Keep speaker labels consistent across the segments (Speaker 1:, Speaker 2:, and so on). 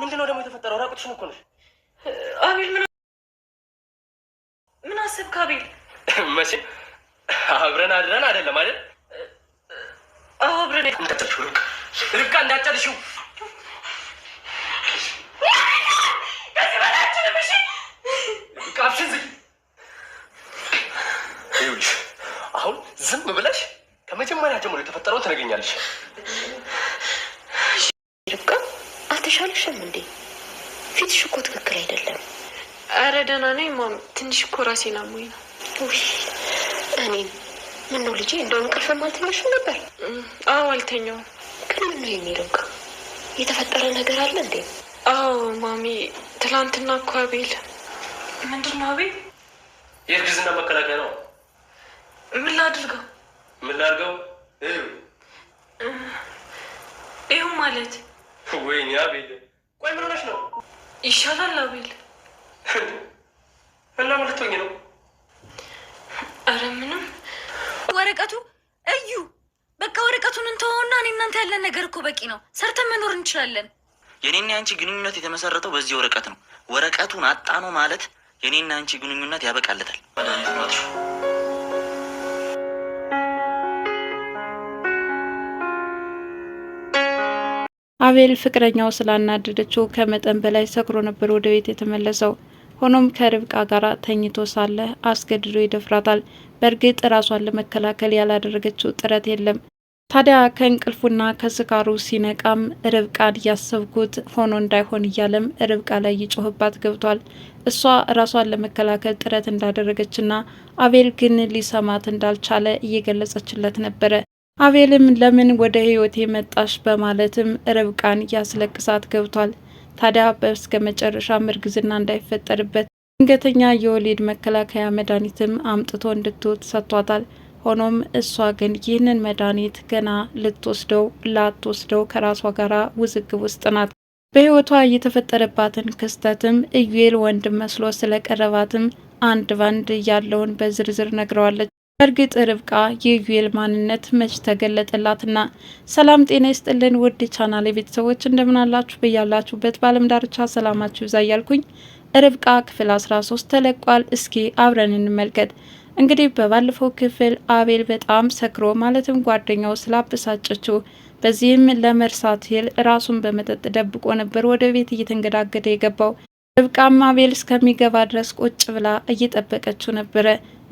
Speaker 1: ምንድን ነው ደግሞ የተፈጠረው? ራቁትሽን እኮ ነሽ።
Speaker 2: አቤል ምን ምን አሰብክ? አቤል
Speaker 1: መቼም አብረን አድረን አይደለም አይደል? አብረን እንዳጨርሽው ርብቃ፣ ርብቃ እንዳጨርሽው አሁን ዝም ብለሽ ከመጀመሪያ ጀምሮ የተፈጠረው ትነግሪኛለሽ።
Speaker 3: አልተሻለሽም እንዴ? ፊትሽ እኮ ትክክል አይደለም።
Speaker 2: አረ ደህና ነኝ ማም፣ ትንሽ እኮ ራሴን አሞኝ ነው።
Speaker 3: እኔም ምነው ልጄ፣ እንደው እንቅልፍም አልተኛሽም
Speaker 2: ነበር? አዎ አልተኛውም።
Speaker 3: ግን ምን ነው የሚለው የተፈጠረ ነገር አለ እንዴ?
Speaker 2: አዎ ማሚ፣ ትላንትና እኮ አቤል ምንድን ነው አቤል
Speaker 1: የእርግዝና መከላከያ
Speaker 2: ነው። ምን ላድርገው? ምን ላድርገው? ይኸው ማለት
Speaker 1: ወይኔ አቤል፣ ቆይ ምን ሆነሽ ነው?
Speaker 2: ይሻላል አቤል?
Speaker 1: እና ምን ልትሆኝ ነው?
Speaker 2: አረ ምንም።
Speaker 3: ወረቀቱ እዩ፣ በቃ ወረቀቱን እንተወውና እኔ እናንተ ያለን ነገር እኮ በቂ ነው። ሰርተን መኖር እንችላለን።
Speaker 1: የኔና ያንቺ ግንኙነት የተመሰረተው በዚህ ወረቀት ነው። ወረቀቱን አጣኖ ማለት የኔና ያንቺ ግንኙነት ያበቃለታል።
Speaker 4: አቤል ፍቅረኛው ስላናደደችው ከመጠን በላይ ሰክሮ ነበር ወደ ቤት የተመለሰው። ሆኖም ከርብቃ ጋር ተኝቶ ሳለ አስገድዶ ይደፍራታል። በእርግጥ ራሷን ለመከላከል ያላደረገችው ጥረት የለም። ታዲያ ከእንቅልፉና ከስካሩ ሲነቃም ርብቃን እያሰብኩት ሆኖ እንዳይሆን እያለም ርብቃ ላይ ይጮህባት ገብቷል። እሷ ራሷን ለመከላከል ጥረት እንዳደረገችና አቤል ግን ሊሰማት እንዳልቻለ እየገለጸችለት ነበረ። አቤልም ለምን ወደ ህይወቴ መጣሽ በማለትም ርብቃን ያስለቅሳት ገብቷል። ታዲያ በስከ መጨረሻም እርግዝና እንዳይፈጠርበት ድንገተኛ የወሊድ መከላከያ መድኃኒትም አምጥቶ እንድትወት ሰጥቷታል። ሆኖም እሷ ግን ይህንን መድኃኒት ገና ልትወስደው ላትወስደው ከራሷ ጋራ ውዝግብ ውስጥ ናት። በህይወቷ የተፈጠረባትን ክስተትም ኢዩኤል ወንድም መስሎ ስለቀረባትም አንድ ባንድ ያለውን በዝርዝር ነግረዋለች። በእርግጥ ርብቃ የዩኤል ማንነት መች ተገለጠላትና። ሰላም ጤና ይስጥልን ውድ ቻናል ቤተሰቦች እንደምናላችሁ በያላችሁበት በአለም ዳርቻ ሰላማችሁ ይብዛ እያልኩኝ ርብቃ ክፍል 13 ተለቋል። እስኪ አብረን እንመልከት። እንግዲህ በባለፈው ክፍል አቤል በጣም ሰክሮ ማለትም ጓደኛው ስላበሳጨችው በዚህም ለመርሳት ይል ራሱን በመጠጥ ደብቆ ነበር ወደ ቤት እየተንገዳገደ የገባው። ርብቃም አቤል እስከሚገባ ድረስ ቁጭ ብላ እየጠበቀችው ነበረ።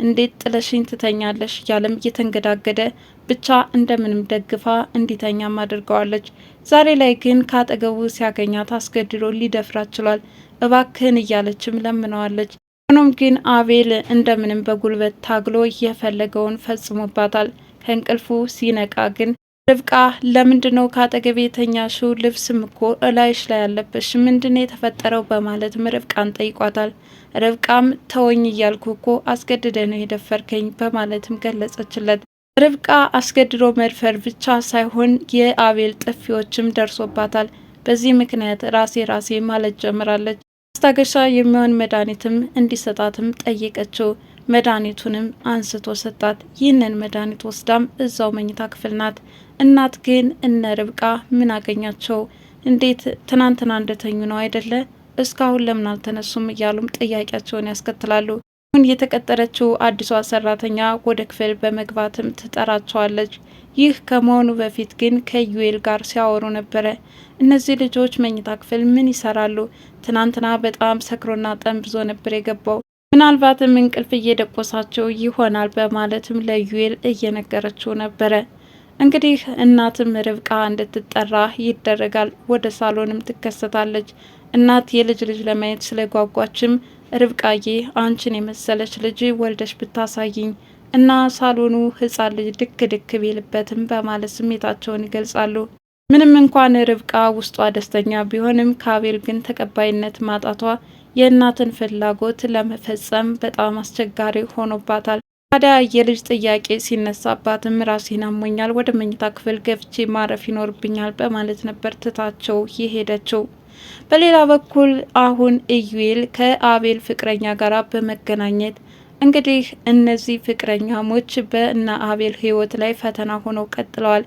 Speaker 4: እንዴት ጥለሽኝ ትተኛለሽ? እያለም እየተንገዳገደ ብቻ እንደምንም ደግፋ እንዲተኛም አድርገዋለች። ዛሬ ላይ ግን ከአጠገቡ ሲያገኛት አስገድዶ ሊደፍራት ችሏል። እባክህን እያለችም ለምነዋለች። ሆኖም ግን አቤል እንደምንም በጉልበት ታግሎ የፈለገውን ፈጽሞባታል። ከእንቅልፉ ሲነቃ ግን ርብቃ ለምንድን ነው ከአጠገቤ የተኛሹ? ልብስም እኮ እላይሽ ላይ ያለበሽ ምንድን የተፈጠረው? በማለትም ርብቃን ጠይቋታል። ርብቃም ተወኝ እያልኩ እኮ አስገድደ ነው የደፈርከኝ በማለትም ገለጸችለት። ርብቃ አስገድዶ መድፈር ብቻ ሳይሆን የአቤል ጥፊዎችም ደርሶባታል። በዚህ ምክንያት ራሴ ራሴ ማለት ጀምራለች። ማስታገሻ የሚሆን መድኃኒትም እንዲሰጣትም ጠየቀችው። መድኃኒቱንም አንስቶ ሰጣት። ይህንን መድኃኒት ወስዳም እዛው መኝታ ክፍል ናት። እናት ግን እነ ርብቃ ምን አገኛቸው? እንዴት ትናንትና እንደተኙ ነው አይደለ? እስካሁን ለምን አልተነሱም? እያሉም ጥያቄያቸውን ያስከትላሉ። አሁን የተቀጠረችው አዲሷ ሰራተኛ ወደ ክፍል በመግባትም ትጠራቸዋለች። ይህ ከመሆኑ በፊት ግን ከዩኤል ጋር ሲያወሩ ነበረ። እነዚህ ልጆች መኝታ ክፍል ምን ይሰራሉ? ትናንትና በጣም ሰክሮና ጠንብዞ ነበር የገባው። ምናልባትም እንቅልፍ እየደቆሳቸው ይሆናል በማለትም ለዩኤል እየነገረችው ነበረ። እንግዲህ እናትም ርብቃ እንድትጠራ ይደረጋል። ወደ ሳሎንም ትከሰታለች። እናት የልጅ ልጅ ለማየት ስለጓጓችም ርብቃዬ፣ አንቺን የመሰለች ልጅ ወልደሽ ብታሳይኝ እና ሳሎኑ ህፃን ልጅ ድክ ድክ ቢልበትም በማለት ስሜታቸውን ይገልጻሉ። ምንም እንኳን ርብቃ ውስጧ ደስተኛ ቢሆንም ከአቤል ግን ተቀባይነት ማጣቷ የእናትን ፍላጎት ለመፈጸም በጣም አስቸጋሪ ሆኖባታል። ታዲያ የልጅ ጥያቄ ሲነሳባትም ራሴን አሞኛል፣ ወደ መኝታ ክፍል ገብቼ ማረፍ ይኖርብኛል በማለት ነበር ትታቸው የሄደችው። በሌላ በኩል አሁን እዩኤል ከአቤል ፍቅረኛ ጋር በመገናኘት እንግዲህ እነዚህ ፍቅረኛሞች በእና አቤል ህይወት ላይ ፈተና ሆነው ቀጥለዋል።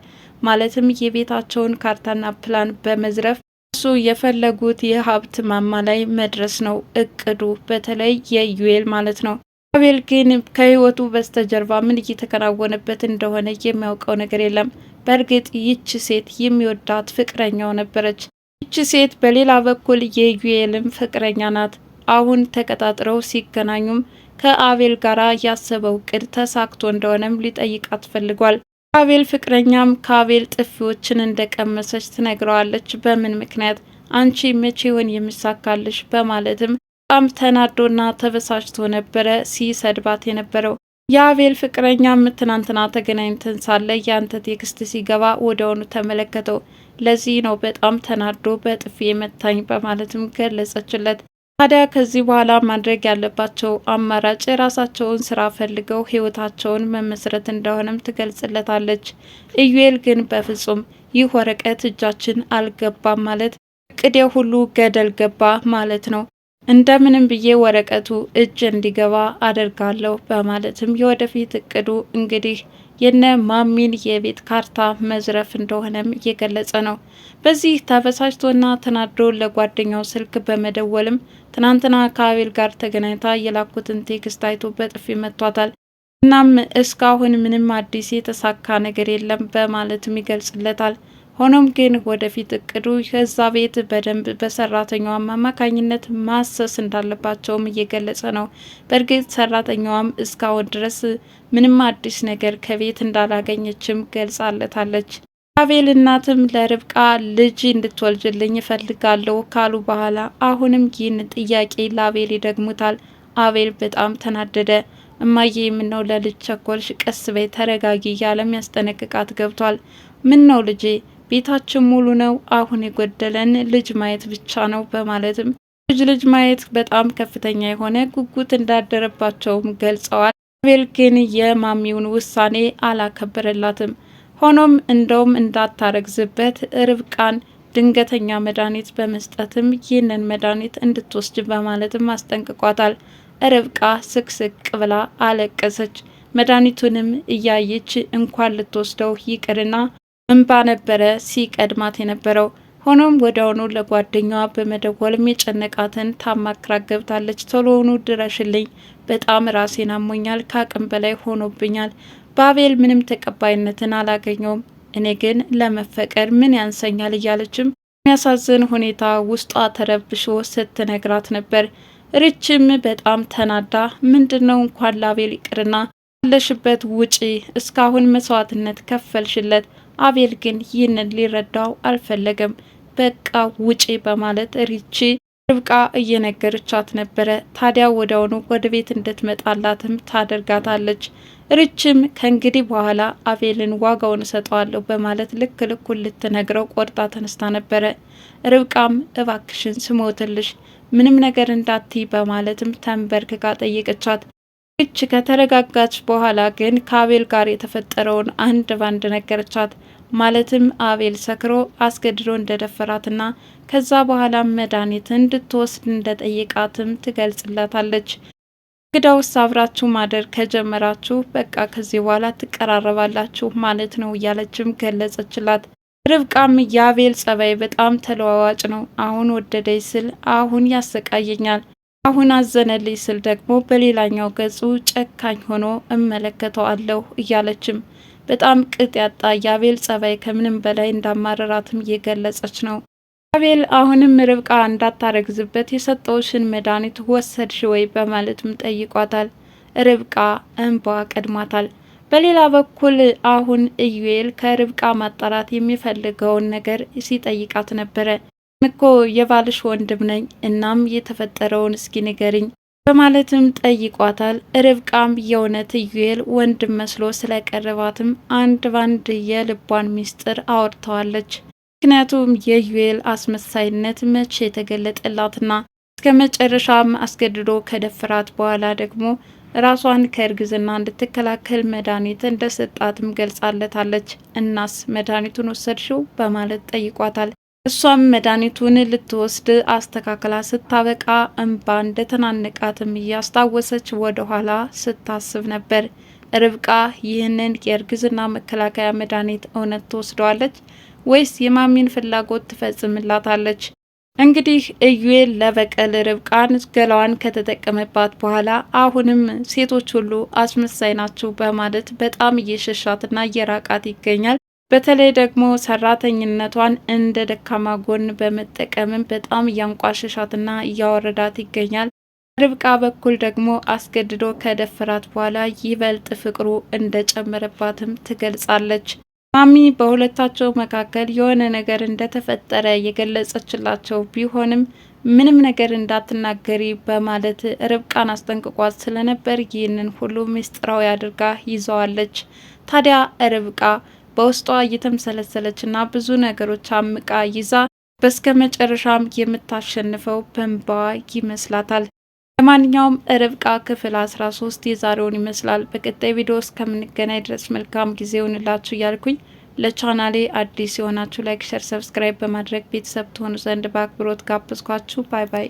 Speaker 4: ማለትም የቤታቸውን ካርታና ፕላን በመዝረፍ እሱ የፈለጉት የሀብት ማማ ላይ መድረስ ነው እቅዱ፣ በተለይ የዩኤል ማለት ነው። አቤል ግን ከህይወቱ በስተጀርባ ምን እየተከናወነበት እንደሆነ የሚያውቀው ነገር የለም። በእርግጥ ይቺ ሴት የሚወዳት ፍቅረኛው ነበረች። ይቺ ሴት በሌላ በኩል የዩኤልም ፍቅረኛ ናት። አሁን ተቀጣጥረው ሲገናኙም ከአቤል ጋር ያሰበው እቅድ ተሳክቶ እንደሆነም ሊጠይቃት ፈልጓል። አቤል ፍቅረኛም ከአቤል ጥፊዎችን እንደቀመሰች ትነግረዋለች። በምን ምክንያት አንቺ መቼውን የምሳካልሽ በማለትም በጣም ተናዶና ተበሳጭቶ ነበረ ሲሰድባት የነበረው። የአቤል ፍቅረኛም ትናንትና ተገናኝተን ሳለ ያንተ ቴክስት ሲገባ ወደውኑ ተመለከተው። ለዚህ ነው በጣም ተናዶ በጥፊ የመታኝ በማለትም ገለጸችለት። ታዲያ ከዚህ በኋላ ማድረግ ያለባቸው አማራጭ የራሳቸውን ስራ ፈልገው ህይወታቸውን መመስረት እንደሆነም ትገልጽለታለች። ኢዩኤል ግን በፍጹም ይህ ወረቀት እጃችን አልገባም ማለት እቅዴ ሁሉ ገደል ገባ ማለት ነው። እንደምንም ብዬ ወረቀቱ እጅ እንዲገባ አደርጋለሁ በማለትም የወደፊት እቅዱ እንግዲህ የነ ማሚን የቤት ካርታ መዝረፍ እንደሆነም እየገለጸ ነው። በዚህ ተበሳጭቶና ተናዶ ለጓደኛው ስልክ በመደወልም ትናንትና ከአቤል ጋር ተገናኝታ የላኩትን ቴክስት አይቶ በጥፊ መቷታል። እናም እስካሁን ምንም አዲስ የተሳካ ነገር የለም በማለትም ይገልጽለታል። ሆኖም ግን ወደፊት እቅዱ ከዛ ቤት በደንብ በሰራተኛዋም አማካኝነት ማሰስ እንዳለባቸውም እየገለጸ ነው። በእርግጥ ሰራተኛዋም እስካሁን ድረስ ምንም አዲስ ነገር ከቤት እንዳላገኘችም ገልጻለታለች። አቤል እናትም ለርብቃ ልጅ እንድትወልጅልኝ እፈልጋለሁ ካሉ በኋላ አሁንም ይህን ጥያቄ ለአቤል ይደግሙታል። አቤል በጣም ተናደደ። እማዬ የምነው ለልጅ ቸኮልሽ፣ ቀስ በይ ተረጋጊ እያለም ያስጠነቅቃት ገብቷል። ምን ነው ልጄ ቤታችን ሙሉ ነው፣ አሁን የጎደለን ልጅ ማየት ብቻ ነው በማለትም ልጅ ልጅ ማየት በጣም ከፍተኛ የሆነ ጉጉት እንዳደረባቸውም ገልጸዋል። አቤል ግን የማሚውን ውሳኔ አላከበረላትም። ሆኖም እንደውም እንዳታረግዝበት ርብቃን ድንገተኛ መድኃኒት በመስጠትም ይህንን መድኃኒት እንድትወስድ በማለትም አስጠንቅቋታል። ርብቃ ስቅስቅ ብላ አለቀሰች። መድኃኒቱንም እያየች እንኳን ልትወስደው ይቅርና እንባ ነበረ ሲቀድማት የነበረው። ሆኖም ወዲያውኑ ለጓደኛዋ በመደወልም የጨነቃትን ታማክራ ገብታለች። ቶሎውኑ ድረሽልኝ፣ በጣም ራሴን አሞኛል፣ ከአቅም በላይ ሆኖብኛል። ባቤል ምንም ተቀባይነትን አላገኘውም፣ እኔ ግን ለመፈቀር ምን ያንሰኛል እያለችም የሚያሳዝን ሁኔታ ውስጧ ተረብሾ ስትነግራት ነበር። ርችም በጣም ተናዳ ምንድን ነው እንኳን ላቤል ይቅርና ያለሽበት ውጪ እስካሁን መስዋዕትነት ከፈልሽለት አቤል ግን ይህንን ሊረዳው አልፈለገም። በቃ ውጪ በማለት ሪቺ ርብቃ እየነገረቻት ነበረ። ታዲያ ወዲያውኑ ወደ ቤት እንድትመጣላትም ታደርጋታለች። ሪችም ከእንግዲህ በኋላ አቤልን ዋጋውን እሰጠዋለሁ በማለት ልክ ልኩን ልትነግረው ቆርጣ ተነስታ ነበረ። ርብቃም እባክሽን ስሞትልሽ ምንም ነገር እንዳትይ በማለትም ተንበርክካ ጠየቀቻት። ይች ከተረጋጋች በኋላ ግን ከአቤል ጋር የተፈጠረውን አንድ ባንድ ነገረቻት። ማለትም አቤል ሰክሮ አስገድዶ እንደደፈራትና ከዛ በኋላ መድኃኒት እንድትወስድ እንደጠየቃትም ትገልጽላታለች። እንግዳውስ አብራችሁ ማደር ከጀመራችሁ በቃ ከዚህ በኋላ ትቀራረባላችሁ ማለት ነው እያለችም ገለጸችላት። ርብቃም የአቤል ጸባይ በጣም ተለዋዋጭ ነው። አሁን ወደደኝ ስል አሁን ያሰቃየኛል አሁን አዘነልኝ ስል ደግሞ በሌላኛው ገጹ ጨካኝ ሆኖ እመለከተዋለሁ እያለችም በጣም ቅጥ ያጣ የአቤል ጸባይ ከምንም በላይ እንዳማረራትም እየገለጸች ነው። አቤል አሁንም ርብቃ እንዳታረግዝበት የሰጠውሽን መድኃኒት ወሰድሽ ወይ በማለትም ጠይቋታል። ርብቃ እንባ ቀድሟታል። በሌላ በኩል አሁን ኢዩኤል ከርብቃ ማጣራት የሚፈልገውን ነገር ሲጠይቃት ነበረ። እኮ የባልሽ ወንድም ነኝ፣ እናም የተፈጠረውን እስኪ ንገርኝ በማለትም ጠይቋታል። ርብቃም የእውነት ኢዩኤል ወንድም መስሎ ስለቀረባትም አንድ ባንድ የልቧን ሚስጥር አወርተዋለች። ምክንያቱም የዩኤል አስመሳይነት መቼ የተገለጠላትና እስከ መጨረሻም አስገድዶ ከደፍራት በኋላ ደግሞ ራሷን ከእርግዝና እንድትከላከል መድኃኒት እንደሰጣትም ገልጻለታለች። እናስ መድኃኒቱን ወሰድሽው በማለት ጠይቋታል። እሷም መድኃኒቱን ልትወስድ አስተካክላ ስታበቃ እንባ እንደተናነቃትም እያስታወሰች ወደ ኋላ ስታስብ ነበር። ርብቃ ይህንን የእርግዝና መከላከያ መድኃኒት እውነት ትወስደዋለች ወይስ የማሚን ፍላጎት ትፈጽምላታለች? እንግዲህ እዩኤል ለበቀል ርብቃን ገላዋን ከተጠቀመባት በኋላ አሁንም ሴቶች ሁሉ አስመሳይ ናቸው በማለት በጣም እየሸሻትና እየራቃት ይገኛል። በተለይ ደግሞ ሰራተኝነቷን እንደ ደካማ ጎን በመጠቀምም በጣም እያንቋሸሻትና እያወረዳት ይገኛል። ርብቃ በኩል ደግሞ አስገድዶ ከደፈራት በኋላ ይበልጥ ፍቅሩ እንደጨመረባትም ትገልጻለች። ማሚ በሁለታቸው መካከል የሆነ ነገር እንደተፈጠረ የገለጸችላቸው ቢሆንም ምንም ነገር እንዳትናገሪ በማለት ርብቃን አስጠንቅቋት ስለነበር ይህንን ሁሉ ምስጢራዊ አድርጋ ይዘዋለች። ታዲያ ርብቃ በውስጧ እየተምሰለሰለችና ብዙ ነገሮች አምቃ ይዛ በስከ መጨረሻም የምታሸንፈው በንባዋ ይመስላታል። ለማንኛውም ርብቃ ክፍል 13 የዛሬውን ይመስላል። በቀጣይ ቪዲዮ እስከምንገናኝ ድረስ መልካም ጊዜ ላችሁ እያልኩኝ ለቻናሌ አዲስ የሆናችሁ ላይክ፣ ሸር፣ ሰብስክራይብ በማድረግ ቤተሰብ ትሆኑ ዘንድ በአክብሮት ጋብዝኳችሁ። ባይ ባይ።